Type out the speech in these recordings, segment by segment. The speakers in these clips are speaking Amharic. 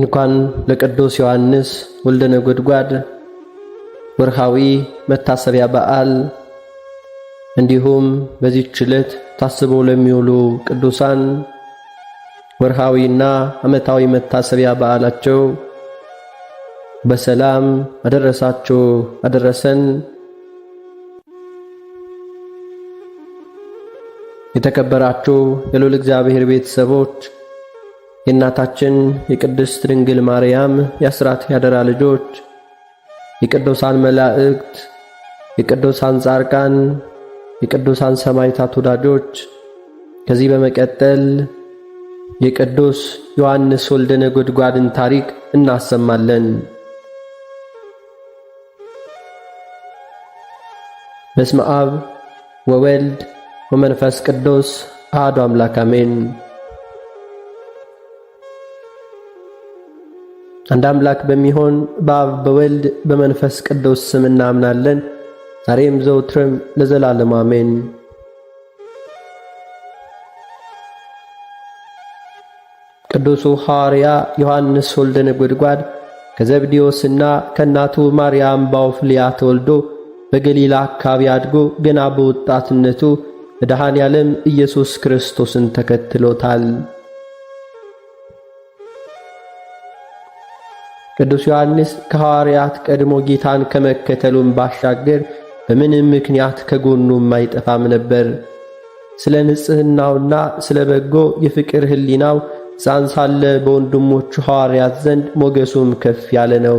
እንኳን ለቅዱስ ዮሐንስ ወልደ ነጎድጓድ ወርሃዊ መታሰቢያ በዓል እንዲሁም በዚህች ዕለት ታስበው ለሚውሉ ቅዱሳን ወርሃዊና ዓመታዊ መታሰቢያ በዓላቸው በሰላም አደረሳችሁ አደረሰን። የተከበራችሁ የልዑል እግዚአብሔር ቤተሰቦች የእናታችን የቅድስት ድንግል ማርያም የአስራት ያደራ ልጆች የቅዱሳን መላእክት የቅዱሳን ጻርቃን የቅዱሳን ሰማዕታት ወዳጆች ከዚህ በመቀጠል የቅዱስ ዮሐንስ ወልደ ነጎድጓድን ታሪክ እናሰማለን። በስመ አብ ወወልድ ወመንፈስ ቅዱስ አሐዱ አምላክ አሜን። አንድ አምላክ በሚሆን በአብ በወልድ በመንፈስ ቅዱስ ስም እናምናለን። ዛሬም ዘውትርም ለዘላለም አሜን። ቅዱሱ ሐዋርያ ዮሐንስ ወልደ ነጎድጓድ ከዘብዴዎስና ከእናቱ ማርያም ባውፍልያ ተወልዶ በገሊላ አካባቢ አድጎ ገና በወጣትነቱ መድኃኔ ዓለም ኢየሱስ ክርስቶስን ተከትሎታል። ቅዱስ ዮሐንስ ከሐዋርያት ቀድሞ ጌታን ከመከተሉም ባሻገር በምንም ምክንያት ከጎኑ አይጠፋም ነበር። ስለ ንጽሕናውና ስለ በጎ የፍቅር ሕሊናው ሕፃን ሳለ በወንድሞቹ ሐዋርያት ዘንድ ሞገሱም ከፍ ያለ ነው።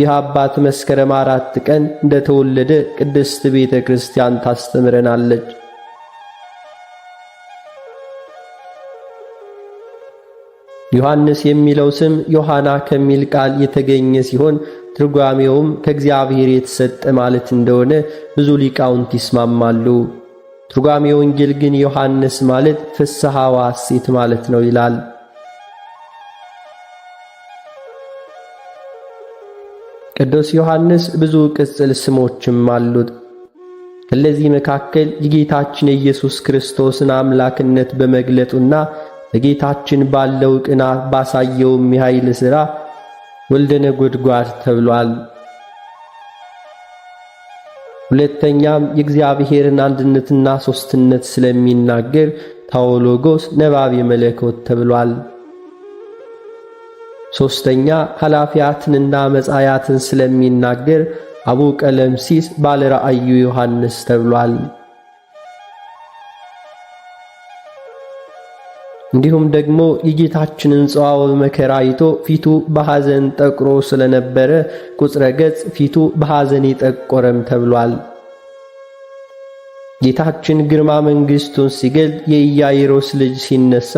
ይህ አባት መስከረም አራት ቀን እንደተወለደ ቅድስት ቤተ ክርስቲያን ታስተምረናለች። ዮሐንስ የሚለው ስም ዮሐና ከሚል ቃል የተገኘ ሲሆን ትርጓሜውም ከእግዚአብሔር የተሰጠ ማለት እንደሆነ ብዙ ሊቃውንት ይስማማሉ። ትርጓሜ ወንጌል ግን ዮሐንስ ማለት ፍስሐ ወሐሴት ማለት ነው ይላል። ቅዱስ ዮሐንስ ብዙ ቅጽል ስሞችም አሉት። ከእነዚህ መካከል የጌታችን የኢየሱስ ክርስቶስን አምላክነት በመግለጡና በጌታችን ባለው ቅና ባሳየውም የኃይል ሥራ ወልደ ነጎድጓድ ተብሏል። ሁለተኛም የእግዚአብሔርን አንድነትና ሦስትነት ስለሚናገር ታዎሎጎስ ነባቤ መለኮት ተብሏል። ሦስተኛ ኃላፊያትንና መጻያትን ስለሚናገር አቡ ቀለምሲስ ባለ ራእዩ ዮሐንስ ተብሏል። እንዲሁም ደግሞ የጌታችንን ጽዋው መከራ አይቶ ፊቱ በሐዘን ጠቅሮ ስለነበረ ቁጽረ ገጽ ፊቱ በሐዘን ይጠቆረም ተብሏል። ጌታችን ግርማ መንግሥቱን ሲገል የኢያይሮስ ልጅ ሲነሳ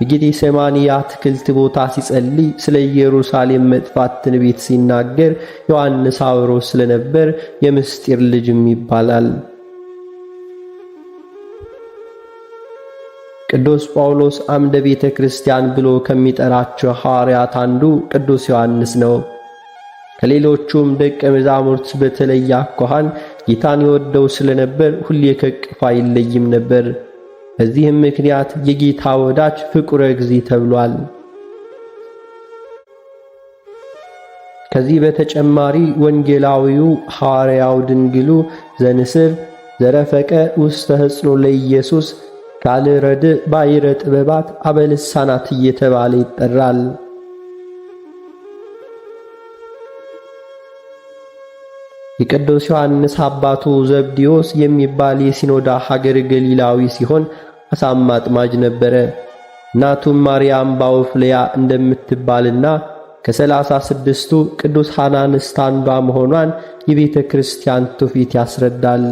በጌቴሴማኒ የአትክልት ቦታ ሲጸልይ ስለ ኢየሩሳሌም መጥፋት ትንቢት ሲናገር ዮሐንስ አብሮ ስለነበር የምስጢር ልጅም ይባላል። ቅዱስ ጳውሎስ አምደ ቤተ ክርስቲያን ብሎ ከሚጠራቸው ሐዋርያት አንዱ ቅዱስ ዮሐንስ ነው። ከሌሎቹም ደቀ መዛሙርት በተለየ አኳኋን ጌታን ይወደው ስለነበር ሁሌ ከቅፋ አይለይም ነበር። በዚህም ምክንያት የጌታ ወዳጅ ፍቁረ እግዚእ ተብሏል። ከዚህ በተጨማሪ ወንጌላዊው ሐዋርያው ድንግሉ ዘንስር ዘረፈቀ ውስተ ሕጽኑ ለኢየሱስ ቃል ረድ ባይረ ጥበባት አበልሳናት እየተባለ ይጠራል። የቅዱስ ዮሐንስ አባቱ ዘብዲዮስ የሚባል የሲኖዳ ሀገር ገሊላዊ ሲሆን አሳማ አጥማጅ ነበረ። እናቱም ማርያም ባውፍልያ እንደምትባልና ከሰላሳ ስድስቱ ቅዱሳን አንስት አንዷ መሆኗን የቤተ ክርስቲያን ትውፊት ያስረዳል።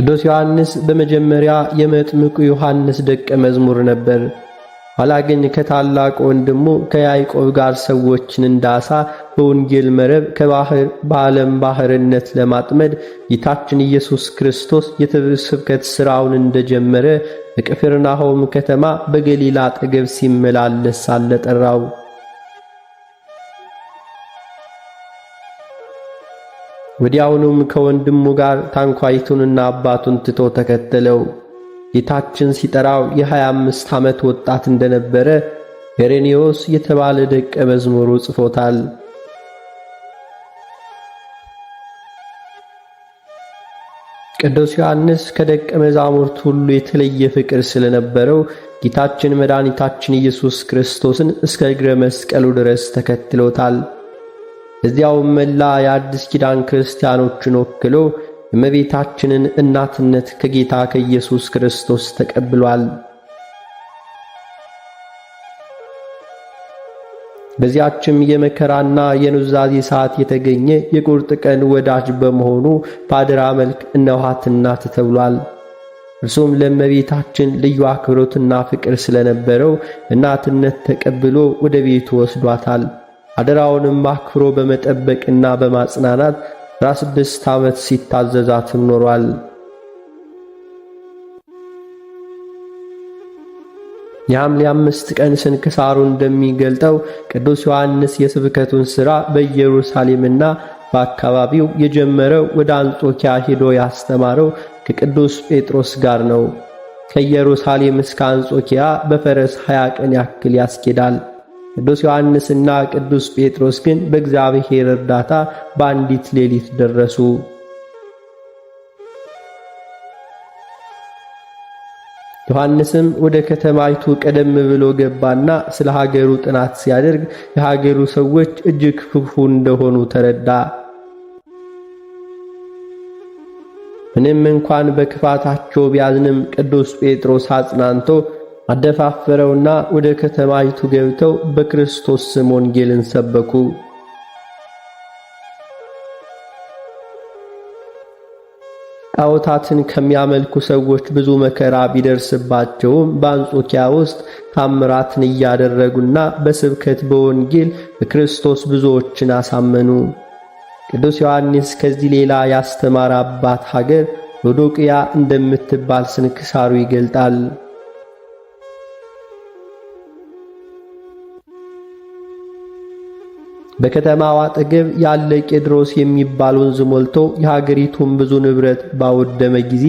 ቅዱስ ዮሐንስ በመጀመሪያ የመጥምቁ ዮሐንስ ደቀ መዝሙር ነበር። ኋላ ግን ከታላቅ ወንድሙ ከያዕቆብ ጋር ሰዎችን እንዳሳ በወንጌል መረብ ከባህር በዓለም ባህርነት ለማጥመድ ጌታችን ኢየሱስ ክርስቶስ የስብከት ሥራውን እንደጀመረ በቅፍርናሆም ከተማ በገሊላ አጠገብ ሲመላለስ ሳለ ጠራው። ወዲያውኑም ከወንድሙ ጋር ታንኳይቱንና አባቱን ትቶ ተከተለው። ጌታችን ሲጠራው የ አምስት ዓመት ወጣት እንደነበረ ኤሬኒዮስ የተባለ ደቀ መዝሙሩ ጽፎታል። ቅዱስ ዮሐንስ ከደቀ መዛሙርት ሁሉ የተለየ ፍቅር ስለነበረው ጌታችን መድኃኒታችን ኢየሱስ ክርስቶስን እስከ እግረ መስቀሉ ድረስ ተከትሎታል። እዚያውም መላ የአዲስ ኪዳን ክርስቲያኖችን ወክሎ የእመቤታችንን እናትነት ከጌታ ከኢየሱስ ክርስቶስ ተቀብሏል። በዚያችም የመከራና የኑዛዜ ሰዓት የተገኘ የቁርጥ ቀን ወዳጅ በመሆኑ በአደራ መልክ እነኋት እናት ተብሏል። እርሱም ለእመቤታችን ልዩ አክብሮትና ፍቅር ስለነበረው እናትነት ተቀብሎ ወደ ቤቱ ወስዷታል። አደራውንም አክብሮ በመጠበቅና በማጽናናት ለስድስት ዓመት ሲታዘዛትም ኖሯል። የሐምሌ አምስት ቀን ስንክሳሩ እንደሚገልጠው ቅዱስ ዮሐንስ የስብከቱን ሥራ በኢየሩሳሌምና በአካባቢው የጀመረው ወደ አንጾኪያ ሄዶ ያስተማረው ከቅዱስ ጴጥሮስ ጋር ነው። ከኢየሩሳሌም እስከ አንጾኪያ በፈረስ 20 ቀን ያክል ያስኬዳል። ቅዱስ ዮሐንስና ቅዱስ ጴጥሮስ ግን በእግዚአብሔር እርዳታ በአንዲት ሌሊት ደረሱ። ዮሐንስም ወደ ከተማይቱ ቀደም ብሎ ገባና ስለ ሀገሩ ጥናት ሲያደርግ የሀገሩ ሰዎች እጅግ ክፉ እንደሆኑ ተረዳ። ምንም እንኳን በክፋታቸው ቢያዝንም ቅዱስ ጴጥሮስ አጽናንቶ አደፋፈረውና ወደ ከተማይቱ ገብተው በክርስቶስ ስም ወንጌልን ሰበኩ። ጣዖታትን ከሚያመልኩ ሰዎች ብዙ መከራ ቢደርስባቸውም በአንጾኪያ ውስጥ ታምራትን እያደረጉና በስብከት በወንጌል በክርስቶስ ብዙዎችን አሳመኑ። ቅዱስ ዮሐንስ ከዚህ ሌላ ያስተማረ አባት ሀገር ሎዶቅያ እንደምትባል ስንክሳሩ ይገልጣል። በከተማዋ አጠገብ ያለ ቄድሮስ የሚባል ወንዝ ሞልቶ የሀገሪቱን ብዙ ንብረት ባወደመ ጊዜ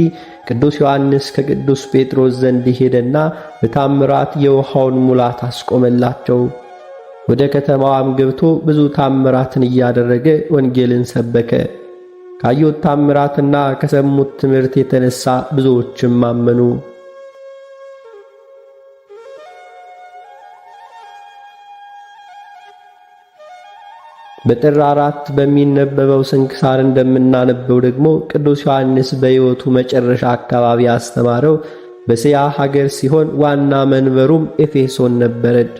ቅዱስ ዮሐንስ ከቅዱስ ጴጥሮስ ዘንድ ሄደና በታምራት የውሃውን ሙላት አስቆመላቸው። ወደ ከተማዋም ገብቶ ብዙ ታምራትን እያደረገ ወንጌልን ሰበከ። ካዩት ታምራትና ከሰሙት ትምህርት የተነሳ ብዙዎችም አመኑ። በጥር አራት በሚነበበው ስንክሳር እንደምናነበው ደግሞ ቅዱስ ዮሐንስ በሕይወቱ መጨረሻ አካባቢ አስተማረው በእስያ ሀገር ሲሆን ዋና መንበሩም ኤፌሶን ነበረች።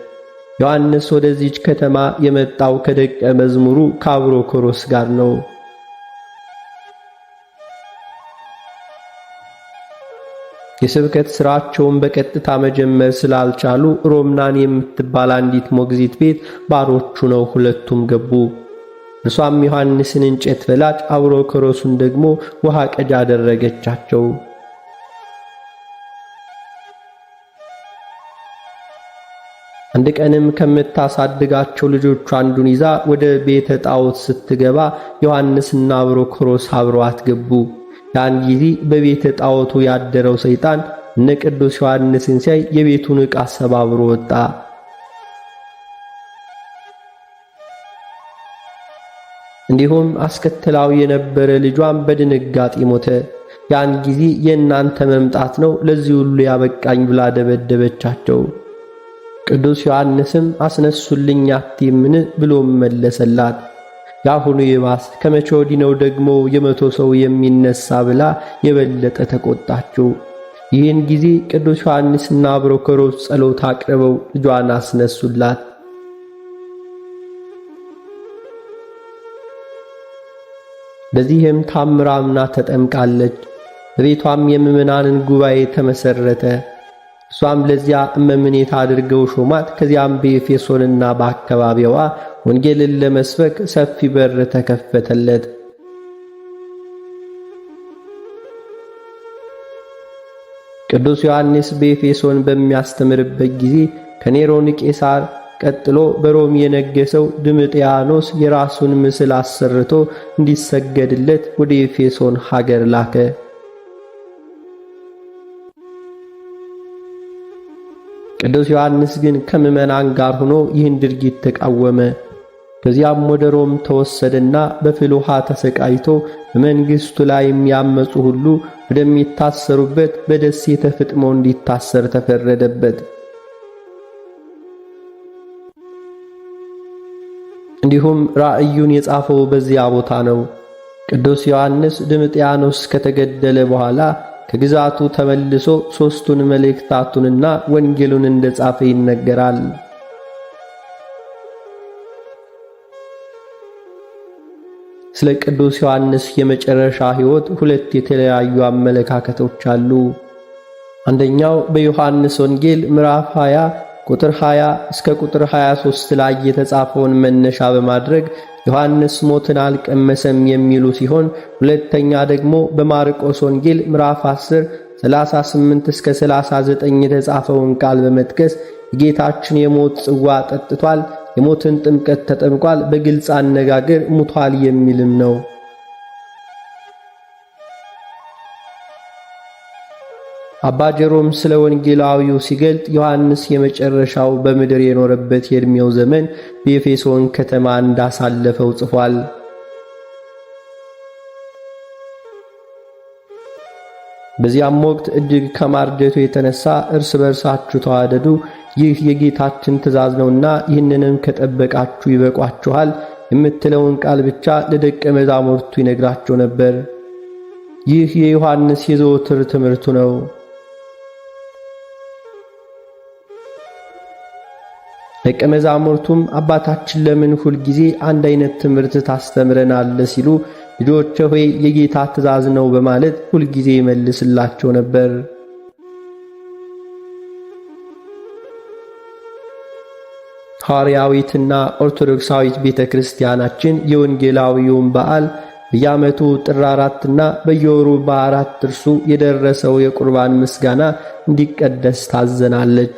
ዮሐንስ ወደዚች ከተማ የመጣው ከደቀ መዝሙሩ ከአብሮኮሮስ ጋር ነው። የስብከት ስራቸውን በቀጥታ መጀመር ስላልቻሉ ሮምናን የምትባል አንዲት ሞግዚት ቤት ባሮቹ ነው ሁለቱም ገቡ። እርሷም ዮሐንስን እንጨት ፈላጭ፣ አብሮ ከሮሱን ደግሞ ውሃ ቀጂ አደረገቻቸው። አንድ ቀንም ከምታሳድጋቸው ልጆቹ አንዱን ይዛ ወደ ቤተ ጣዖት ስትገባ ዮሐንስና አብሮኮሮስ አብረዋት ገቡ። ያን ጊዜ በቤተ ጣዖቱ ያደረው ሰይጣን እነ ቅዱስ ዮሐንስን ሲያይ የቤቱን ዕቃ አሰባብሮ ወጣ። እንዲሁም አስከትላው የነበረ ልጇን በድንጋጤ ሞተ። ያን ጊዜ የእናንተ መምጣት ነው ለዚህ ሁሉ ያበቃኝ ብላ ደበደበቻቸው። ቅዱስ ዮሐንስም አስነሱልኝ አትይምን ብሎም መለሰላት። የአሁኑ ይባስ ከመቼ ወዲህ ነው ደግሞ የመቶ ሰው የሚነሳ ብላ የበለጠ ተቆጣችው። ይህን ጊዜ ቅዱስ ዮሐንስና አብሮከሮስ ጸሎት አቅርበው ልጇን አስነሱላት። በዚህም ታምራምና ተጠምቃለች። በቤቷም የምዕመናንን ጉባኤ ተመሰረተ። እሷም ለዚያ እመምኔት አድርገው ሾማት። ከዚያም በኤፌሶንና በአካባቢዋ ወንጌልን ለመስበክ ሰፊ በር ተከፈተለት። ቅዱስ ዮሐንስ በኤፌሶን በሚያስተምርበት ጊዜ ከኔሮን ቄሳር ቀጥሎ በሮም የነገሰው ድምጥያኖስ የራሱን ምስል አሰርቶ እንዲሰገድለት ወደ ኤፌሶን ሀገር ላከ። ቅዱስ ዮሐንስ ግን ከምዕመናን ጋር ሆኖ ይህን ድርጊት ተቃወመ። ከዚያም ወደ ሮም ተወሰደና በፍልውሃ ተሰቃይቶ በመንግሥቱ ላይ ያመፁ ሁሉ ወደሚታሰሩበት በደሴተ ፍጥሞ እንዲታሰር ተፈረደበት። እንዲሁም ራእዩን የጻፈው በዚያ ቦታ ነው። ቅዱስ ዮሐንስ ድምጥያኖስ ከተገደለ በኋላ ከግዛቱ ተመልሶ ሦስቱን መልእክታቱንና ወንጌሉን እንደ ጻፈ ይነገራል። ስለ ቅዱስ ዮሐንስ የመጨረሻ ሕይወት ሁለት የተለያዩ አመለካከቶች አሉ። አንደኛው በዮሐንስ ወንጌል ምዕራፍ 20 ቁጥር 20 እስከ ቁጥር 23 ላይ የተጻፈውን መነሻ በማድረግ ዮሐንስ ሞትን አልቀመሰም የሚሉ ሲሆን ሁለተኛ ደግሞ በማርቆስ ወንጌል ምዕራፍ 10 38 እስከ 39 የተጻፈውን ቃል በመጥቀስ የጌታችን የሞት ጽዋ ጠጥቷል፣ የሞትን ጥምቀት ተጠምቋል፣ በግልጽ አነጋገር ሙቷል የሚልም ነው። አባ ጀሮም ስለ ወንጌላዊው ሲገልጥ ዮሐንስ የመጨረሻው በምድር የኖረበት የዕድሜው ዘመን በኤፌሶን ከተማ እንዳሳለፈው ጽፏል። በዚያም ወቅት እጅግ ከማርጀቱ የተነሳ እርስ በርሳችሁ ተዋደዱ፣ ይህ የጌታችን ትእዛዝ ነውና ይህንንም ከጠበቃችሁ ይበቋችኋል የምትለውን ቃል ብቻ ለደቀ መዛሙርቱ ይነግራቸው ነበር። ይህ የዮሐንስ የዘወትር ትምህርቱ ነው። ደቀ መዛሙርቱም አባታችን ለምን ሁል ጊዜ አንድ አይነት ትምህርት ታስተምረናለህ? ሲሉ ልጆቼ ሆይ የጌታ ትእዛዝ ነው በማለት ሁል ጊዜ ይመልስላቸው ነበር። ሐዋርያዊትና ኦርቶዶክሳዊት ቤተ ክርስቲያናችን የወንጌላዊውን በዓል በየዓመቱ ጥር አራትና በየወሩ በአራት እርሱ የደረሰው የቁርባን ምስጋና እንዲቀደስ ታዘናለች።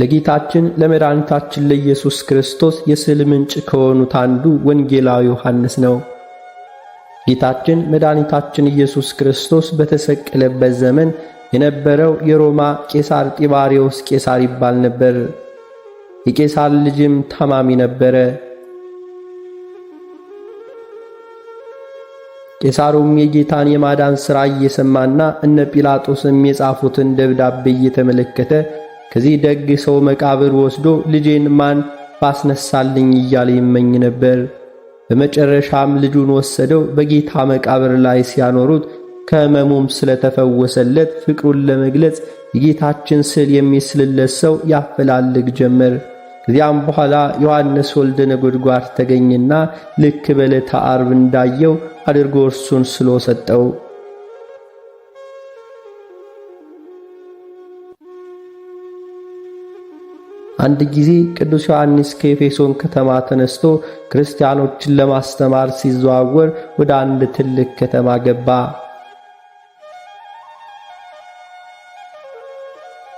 ለጌታችን ለመድኃኒታችን ለኢየሱስ ክርስቶስ የስዕል ምንጭ ከሆኑት አንዱ ወንጌላዊ ዮሐንስ ነው። ጌታችን መድኃኒታችን ኢየሱስ ክርስቶስ በተሰቀለበት ዘመን የነበረው የሮማ ቄሳር ጢባሪዎስ ቄሳር ይባል ነበር። የቄሳር ልጅም ታማሚ ነበረ። ቄሳሩም የጌታን የማዳን ሥራ እየሰማና እነ ጲላጦስም የጻፉትን ደብዳቤ እየተመለከተ ከዚህ ደግ ሰው መቃብር ወስዶ ልጄን ማን ባስነሳልኝ እያለ ይመኝ ነበር። በመጨረሻም ልጁን ወሰደው። በጌታ መቃብር ላይ ሲያኖሩት ከሕመሙም ስለተፈወሰለት ፍቅሩን ለመግለጽ የጌታችን ስዕል የሚስልለት ሰው ያፈላልግ ጀመር። ከዚያም በኋላ ዮሐንስ ወልደ ነጎድጓድ ተገኘና ልክ በዕለተ ዓርብ እንዳየው አድርጎ እርሱን ስሎ ሰጠው። አንድ ጊዜ ቅዱስ ዮሐንስ ከኤፌሶን ከተማ ተነስቶ ክርስቲያኖችን ለማስተማር ሲዘዋወር ወደ አንድ ትልቅ ከተማ ገባ።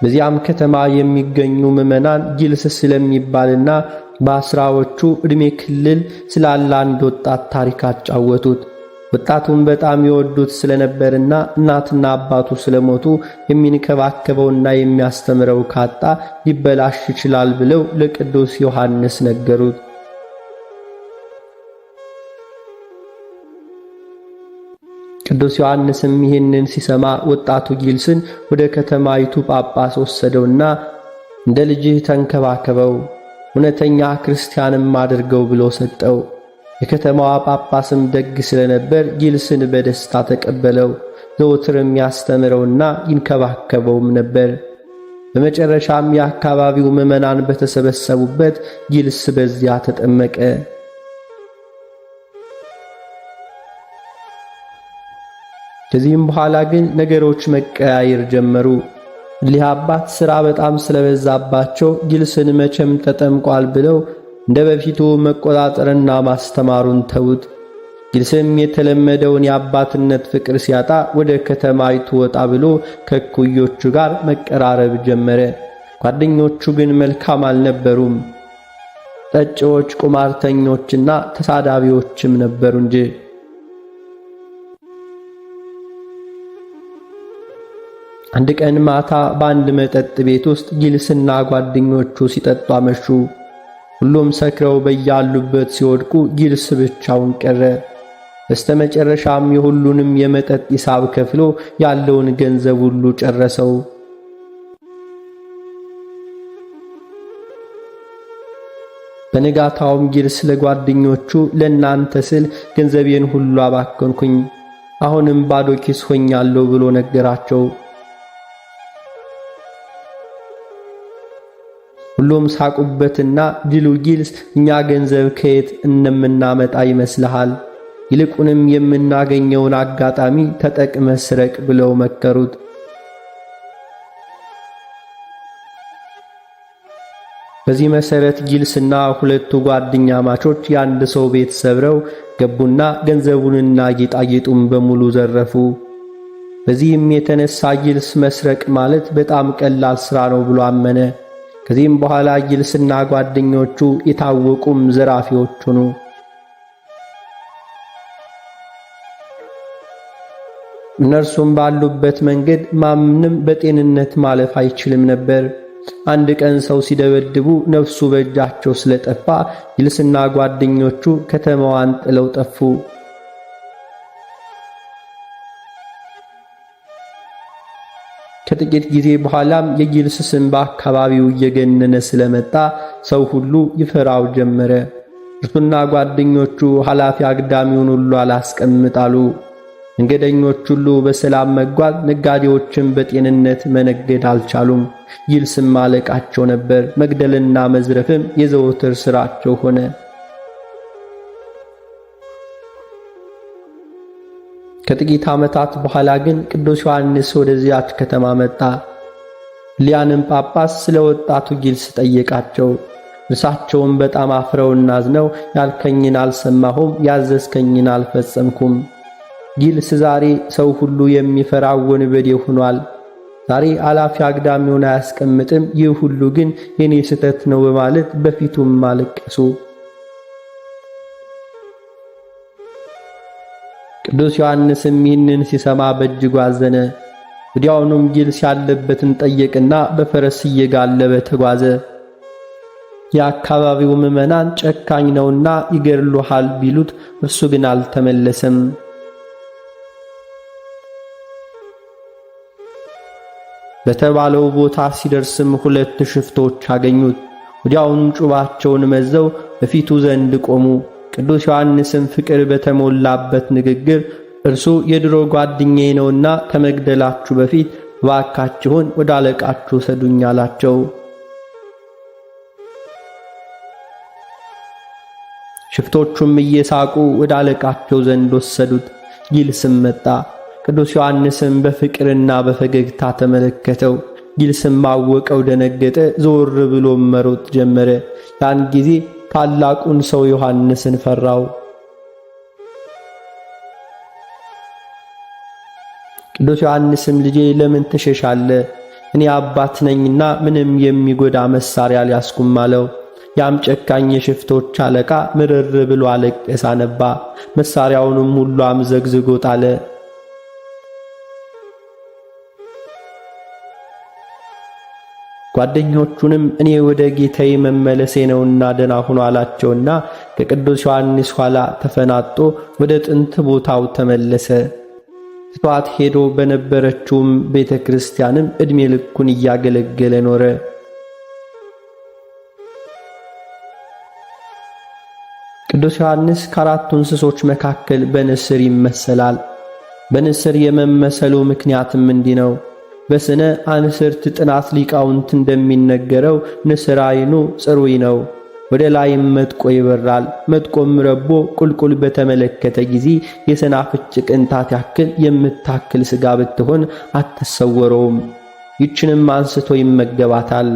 በዚያም ከተማ የሚገኙ ምዕመናን ጊልስ ስለሚባልና በአስራዎቹ ዕድሜ ክልል ስላለ አንድ ወጣት ታሪክ አጫወቱት። ወጣቱን በጣም የወዱት ስለነበርና እናትና አባቱ ስለሞቱ የሚንከባከበውና የሚያስተምረው ካጣ ሊበላሽ ይችላል ብለው ለቅዱስ ዮሐንስ ነገሩት። ቅዱስ ዮሐንስም ይህንን ሲሰማ ወጣቱ ጊልስን ወደ ከተማይቱ ጳጳስ ወሰደውና እንደ ልጅህ ተንከባከበው፣ እውነተኛ ክርስቲያንም አድርገው ብሎ ሰጠው። የከተማዋ ጳጳስም ደግ ስለነበር ጊልስን በደስታ ተቀበለው። ዘውትርም ያስተምረውና ይንከባከበውም ነበር። በመጨረሻም የአካባቢው ምዕመናን በተሰበሰቡበት ጊልስ በዚያ ተጠመቀ። ከዚህም በኋላ ግን ነገሮች መቀያየር ጀመሩ። እሊህ አባት ሥራ በጣም ስለበዛባቸው ጊልስን መቼም ተጠምቋል ብለው እንደ በፊቱ መቆጣጠርና ማስተማሩን ተውት። ጊልስም የተለመደውን የአባትነት ፍቅር ሲያጣ ወደ ከተማይቱ ወጣ ብሎ ከእኩዮቹ ጋር መቀራረብ ጀመረ። ጓደኞቹ ግን መልካም አልነበሩም። ጠጪዎች፣ ቁማርተኞችና ተሳዳቢዎችም ነበሩ እንጂ። አንድ ቀን ማታ በአንድ መጠጥ ቤት ውስጥ ጊልስና ጓደኞቹ ሲጠጡ አመሹ። ሁሉም ሰክረው በያሉበት ሲወድቁ ጊልስ ብቻውን ቀረ። በስተ መጨረሻም የሁሉንም የመጠጥ ሂሳብ ከፍሎ ያለውን ገንዘብ ሁሉ ጨረሰው። በንጋታውም ጊልስ ለጓደኞቹ ለእናንተ ስል ገንዘቤን ሁሉ አባከንኩኝ፣ አሁንም ባዶ ኪስ ሆኛለሁ ብሎ ነገራቸው። ሁሉም ሳቁበትና ድሉ ጊልስ እኛ ገንዘብ ከየት እንደምናመጣ ይመስልሃል? ይልቁንም የምናገኘውን አጋጣሚ ተጠቅመ ስረቅ ብለው መከሩት። በዚህ መሰረት ጊልስና ሁለቱ ጓደኛ ማቾች የአንድ ሰው ቤት ሰብረው ገቡና ገንዘቡንና ጌጣጌጡን በሙሉ ዘረፉ። በዚህም የተነሳ ጊልስ መስረቅ ማለት በጣም ቀላል ሥራ ነው ብሎ አመነ። ከዚህም በኋላ ይልስና ጓደኞቹ የታወቁም ዘራፊዎች ሆኑ። እነርሱም ባሉበት መንገድ ማንም በጤንነት ማለፍ አይችልም ነበር። አንድ ቀን ሰው ሲደበድቡ ነፍሱ በእጃቸው ስለጠፋ ይልስና ጓደኞቹ ከተማዋን ጥለው ጠፉ። ከጥቂት ጊዜ በኋላም የጊልስ ስም በአካባቢው እየገነነ ስለመጣ ሰው ሁሉ ይፈራው ጀመረ። እርሱና ጓደኞቹ ኃላፊ አግዳሚውን ሁሉ አላስቀምጣሉ። መንገደኞች ሁሉ በሰላም መጓዝ፣ ነጋዴዎችን በጤንነት መነገድ አልቻሉም። ይልስም አለቃቸው ነበር። መግደልና መዝረፍም የዘወትር ሥራቸው ሆነ። ከጥቂት ዓመታት በኋላ ግን ቅዱስ ዮሐንስ ወደዚያች ከተማ መጣ። ሊያንም ጳጳስ ስለ ወጣቱ ጊልስ ጠየቃቸው። እርሳቸውም በጣም አፍረውና አዝነው ያልከኝን አልሰማሁም፣ ያዘዝከኝን አልፈጸምኩም። ጊልስ ዛሬ ሰው ሁሉ የሚፈራው ወንበዴ ሆኗል። ዛሬ አላፊ አግዳሚውን አያስቀምጥም። ይህ ሁሉ ግን የኔ ስህተት ነው በማለት በፊቱም አለቀሱ። ቅዱስ ዮሐንስም ይህንን ሲሰማ በእጅጉ አዘነ። ወዲያውኑም ጊልስ ያለበትን ጠየቅና በፈረስ እየጋለበ ተጓዘ። የአካባቢው ምዕመናን ጨካኝ ነውና ይገድሉሃል ቢሉት እርሱ ግን አልተመለሰም። በተባለው ቦታ ሲደርስም ሁለት ሽፍቶች አገኙት። ወዲያውኑ ጩባቸውን መዘው በፊቱ ዘንድ ቆሙ። ቅዱስ ዮሐንስም ፍቅር በተሞላበት ንግግር እርሱ የድሮ ጓደኛዬ ነውና ከመግደላችሁ በፊት እባካችሁን ወደ አለቃችሁ ሰዱኝ አላቸው። ሽፍቶቹም እየሳቁ ወደ አለቃቸው ዘንድ ወሰዱት። ጊልስም መጣ። ቅዱስ ዮሐንስም በፍቅርና በፈገግታ ተመለከተው። ጊልስም አወቀው፣ ደነገጠ። ዘወር ብሎም መሮጥ ጀመረ። ያን ጊዜ ታላቁን ሰው ዮሐንስን ፈራው። ቅዱስ ዮሐንስም ልጄ ለምን ትሸሻለ? እኔ አባት ነኝና ምንም የሚጎዳ መሳሪያ ሊያስቁም አለው። ያም ጨካኝ የሽፍቶች አለቃ ምርር ብሎ አለቀሰ፣ አነባ። መሳሪያውንም ሁሉ አምዘግዝጎ ጣለ። ጓደኞቹንም እኔ ወደ ጌታዬ መመለሴ ነውና ደና ሁኑ አላቸውና ከቅዱስ ዮሐንስ ኋላ ተፈናጦ ወደ ጥንት ቦታው ተመለሰ። ትቷት ሄዶ በነበረችውም ቤተ ክርስቲያንም ዕድሜ ልኩን እያገለገለ ኖረ። ቅዱስ ዮሐንስ ከአራቱ እንስሶች መካከል በንስር ይመሰላል። በንስር የመመሰሉ ምክንያትም እንዲህ ነው። በስነ አንስርት ጥናት ሊቃውንት እንደሚነገረው ንስር አይኑ ጽሩይ ነው። ወደ ላይም መጥቆ ይበራል። መጥቆም ረቦ ቁልቁል በተመለከተ ጊዜ የሰናፍጭ ቅንጣት ያክል የምታክል ሥጋ ብትሆን አትሰወረውም። ይችንም አንስቶ ይመገባታል።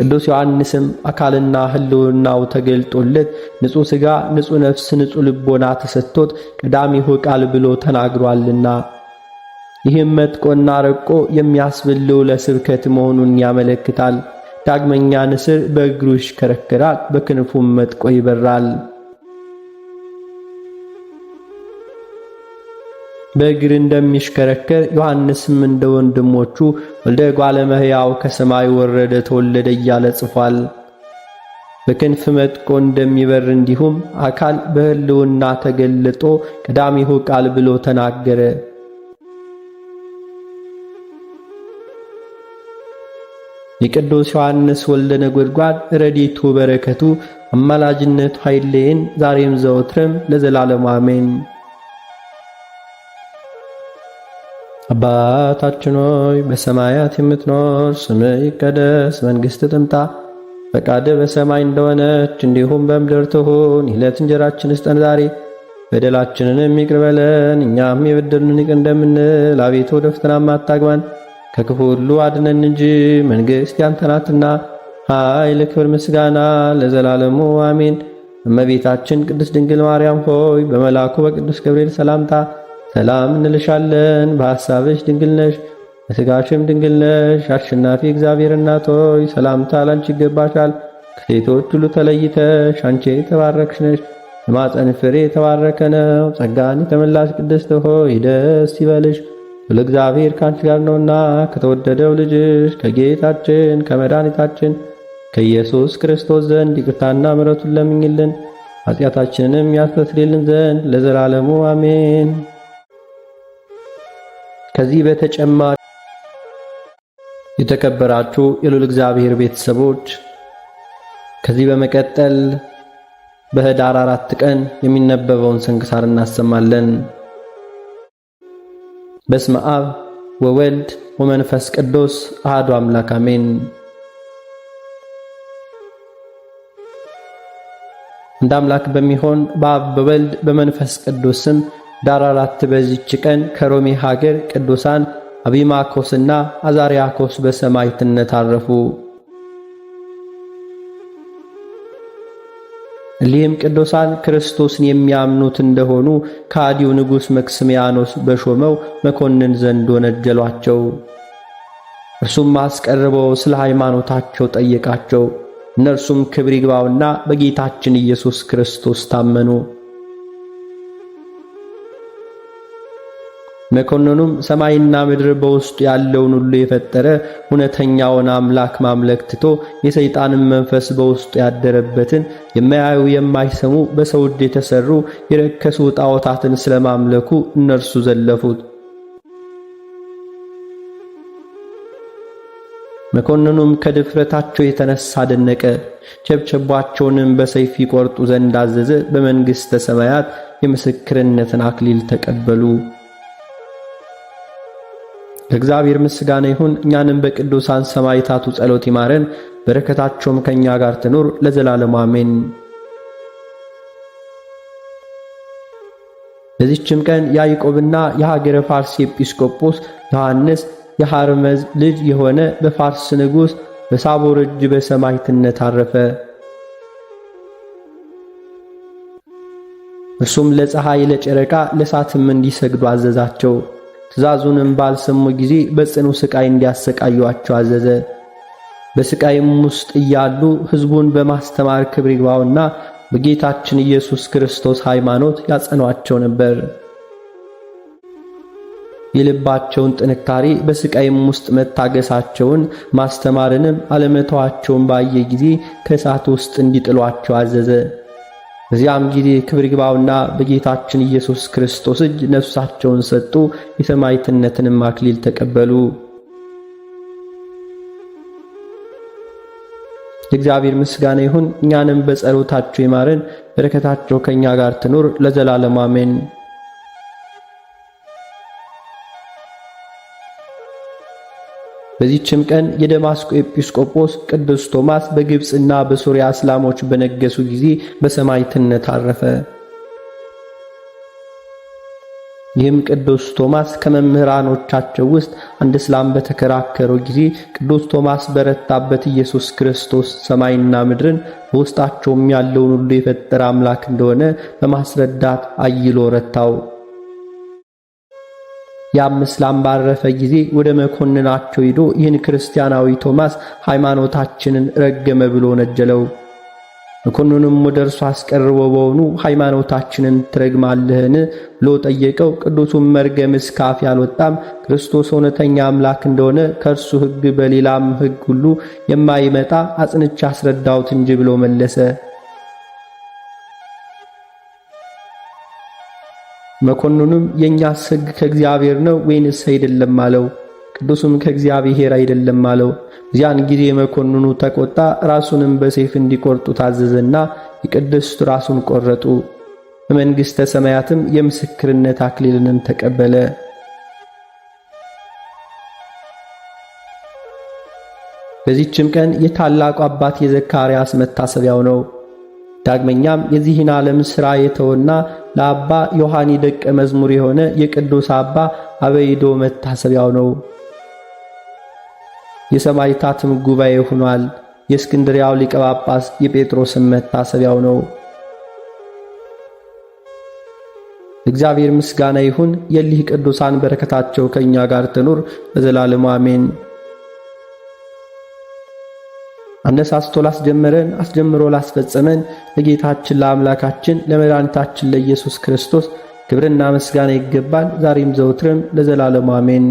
ቅዱስ ዮሐንስም አካልና ሕልውናው ተገልጦለት ንጹሕ ሥጋ፣ ንጹሕ ነፍስ፣ ንጹሕ ልቦና ተሰጥቶት ቀዳሚሁ ቃል ብሎ ተናግሯልና ይህም መጥቆና ረቆ የሚያስብለው ለስብከት መሆኑን ያመለክታል። ዳግመኛ ንስር በእግሩ ይሽከረከራል፣ በክንፉም መጥቆ ይበራል። በእግር እንደሚሽከረከር ዮሐንስም እንደ ወንድሞቹ ወልደ እጓለ እመሕያው ከሰማይ ወረደ ተወለደ እያለ ጽፏል። በክንፍ መጥቆ እንደሚበር እንዲሁም አካል በሕልውና ተገልጦ ቀዳሚሁ ቃል ብሎ ተናገረ። የቅዱስ ዮሐንስ ወልደ ነጎድጓድ ረዲቱ በረከቱ አማላጅነቱ ኃይሌን ዛሬም ዘወትርም ለዘላለም አሜን። አባታችን ሆይ በሰማያት የምትኖር፣ ስም ይቀደስ፣ መንግሥት ትምጣ፣ ፈቃድ በሰማይ እንደሆነች እንዲሁም በምድር ትሁን። ይለት እንጀራችን ስጠን ዛሬ፣ በደላችንን ይቅር በለን እኛም የበደሉንን ይቅር እንደምንል፣ አቤቱ ወደ ፈተናም አታግባን ከክፉ ሁሉ አድነን እንጂ መንግሥት ያንተ ናትና ኃይል፣ ክብር፣ ምስጋና ለዘላለሙ አሜን። እመቤታችን ቅድስት ድንግል ማርያም ሆይ በመልአኩ በቅዱስ ገብርኤል ሰላምታ ሰላም እንልሻለን። በሐሳብሽ ድንግል ነሽ፣ በሥጋሽም ድንግል ነሽ። አሸናፊ እግዚአብሔር እናት ሆይ ሰላምታ ላንቺ ይገባሻል። ከሴቶች ሁሉ ተለይተሽ አንቺ የተባረክሽ ነሽ፣ የማኅፀንሽ ፍሬ የተባረከ ነው። ጸጋን የተመላሽ ቅድስት ሆይ ደስ ይበልሽ፣ ሁሉ እግዚአብሔር ከአንቺ ጋር ነውና ከተወደደው ልጅሽ ከጌታችን ከመድኃኒታችን ከኢየሱስ ክርስቶስ ዘንድ ይቅርታና ምሕረቱን ለምኝልን ኃጢአታችንንም ያስተሰርይልን ዘንድ ለዘላለሙ አሜን። ከዚህ በተጨማሪ የተከበራችሁ የሉል እግዚአብሔር ቤተሰቦች ከዚህ በመቀጠል በህዳር አራት ቀን የሚነበበውን ስንክሳር እናሰማለን። በስመ አብ ወወልድ ወመንፈስ ቅዱስ አሐዱ አምላክ አሜን። እንደ አምላክ በሚሆን በአብ በወልድ በመንፈስ ቅዱስ ስም ዳር አራት በዚች ቀን ከሮሜ ሀገር ቅዱሳን አቢማኮስና አዛሪያኮስ በሰማይትነት አረፉ። እሊህም ቅዱሳን ክርስቶስን የሚያምኑት እንደሆኑ ከአዲው ንጉሥ መክስሚያኖስ በሾመው መኮንን ዘንድ ወነጀሏቸው። እርሱም አስቀርበው ስለ ሃይማኖታቸው ጠየቃቸው። እነርሱም ክብር ይግባውና በጌታችን ኢየሱስ ክርስቶስ ታመኑ። መኮንኑም ሰማይና ምድር በውስጡ ያለውን ሁሉ የፈጠረ እውነተኛውን አምላክ ማምለክ ትቶ የሰይጣንን መንፈስ በውስጡ ያደረበትን የማያዩ የማይሰሙ በሰው እጅ የተሰሩ የረከሱ ጣዖታትን ስለማምለኩ እነርሱ ዘለፉት። መኮንኑም ከድፍረታቸው የተነሳ ደነቀ። ቸብቸቧቸውንም በሰይፍ ይቆርጡ ዘንድ አዘዘ። በመንግሥተ ሰማያት የምስክርነትን አክሊል ተቀበሉ። ለእግዚአብሔር ምስጋና ይሁን። እኛንም በቅዱሳን ሰማዕታቱ ጸሎት ይማረን፣ በረከታቸውም ከእኛ ጋር ትኑር ለዘላለሙ አሜን። በዚችም ቀን ያዕቆብና የሀገረ ፋርስ ኤጲስቆጶስ ዮሐንስ የሐርመዝ ልጅ የሆነ በፋርስ ንጉሥ በሳቦር እጅ በሰማዕትነት አረፈ። እርሱም ለፀሐይ፣ ለጨረቃ፣ ለእሳትም እንዲሰግዱ አዘዛቸው። ትእዛዙንም ባልሰሙ ጊዜ በጽኑ ሥቃይ እንዲያሰቃዩአቸው አዘዘ። በሥቃይም ውስጥ እያሉ ሕዝቡን በማስተማር ክብር ይግባውና በጌታችን ኢየሱስ ክርስቶስ ሃይማኖት ያጸኗቸው ነበር። የልባቸውን ጥንካሬ በሥቃይም ውስጥ መታገሳቸውን ማስተማርንም አለመተዋቸውን ባየ ጊዜ ከእሳት ውስጥ እንዲጥሏቸው አዘዘ። በዚያም ጊዜ ክብር ይግባውና በጌታችን ኢየሱስ ክርስቶስ እጅ ነፍሳቸውን ሰጡ፣ የሰማዕትነትንም አክሊል ተቀበሉ። ለእግዚአብሔር ምስጋና ይሁን። እኛንም በጸሎታቸው ይማረን፣ በረከታቸው ከእኛ ጋር ትኑር ለዘላለም አሜን። በዚችም ቀን የደማስቆ ኤጲስቆጶስ ቅዱስ ቶማስ በግብፅና በሶርያ እስላሞች በነገሱ ጊዜ በሰማዕትነት አረፈ። ይህም ቅዱስ ቶማስ ከመምህራኖቻቸው ውስጥ አንድ እስላም በተከራከረው ጊዜ ቅዱስ ቶማስ በረታበት ኢየሱስ ክርስቶስ ሰማይና ምድርን በውስጣቸውም ያለውን ሁሉ የፈጠረ አምላክ እንደሆነ በማስረዳት አይሎ ረታው። ያም እስላም ባረፈ ጊዜ ወደ መኮንናቸው ሄዶ ይህን ክርስቲያናዊ ቶማስ ሃይማኖታችንን ረገመ ብሎ ነጀለው። መኮንኑም ወደ እርሱ አስቀርቦ በሆኑ ሃይማኖታችንን ትረግማለህን ብሎ ጠየቀው። ቅዱሱን መርገም እስካፍ ያልወጣም ክርስቶስ እውነተኛ አምላክ እንደሆነ ከእርሱ ሕግ በሌላም ሕግ ሁሉ የማይመጣ አጽንቻ አስረዳሁት እንጂ ብሎ መለሰ። መኮንኑም የእኛ ሕግ ከእግዚአብሔር ነው ወይንስ አይደለም አለው። ቅዱሱም ከእግዚአብሔር አይደለም አለው። ዚያን ጊዜ መኮንኑ ተቆጣ፣ ራሱንም በሰይፍ እንዲቆርጡ ታዘዘና የቅድስቱ ራሱን ቆረጡ። በመንግሥተ ሰማያትም የምስክርነት አክሊልንም ተቀበለ። በዚህችም ቀን የታላቁ አባት የዘካርያስ መታሰቢያው ነው። ዳግመኛም የዚህን ዓለም ሥራ የተወና ለአባ ዮሐኒ ደቀ መዝሙር የሆነ የቅዱስ አባ አበይዶ መታሰቢያው ነው። የሰማይታትም ጉባኤ ሆኗል። የእስክንድሪያው ሊቀ ጳጳስ የጴጥሮስም መታሰቢያው ነው። እግዚአብሔር ምስጋና ይሁን። የሊህ ቅዱሳን በረከታቸው ከእኛ ጋር ትኑር በዘላለሙ አሜን። አነሳስቶ ላስጀመረን አስጀምሮ ላስፈጸመን ለጌታችን ለአምላካችን ለመድኃኒታችን ለኢየሱስ ክርስቶስ ክብርና ምስጋና ይገባል፣ ዛሬም ዘውትርም ለዘላለም አሜን።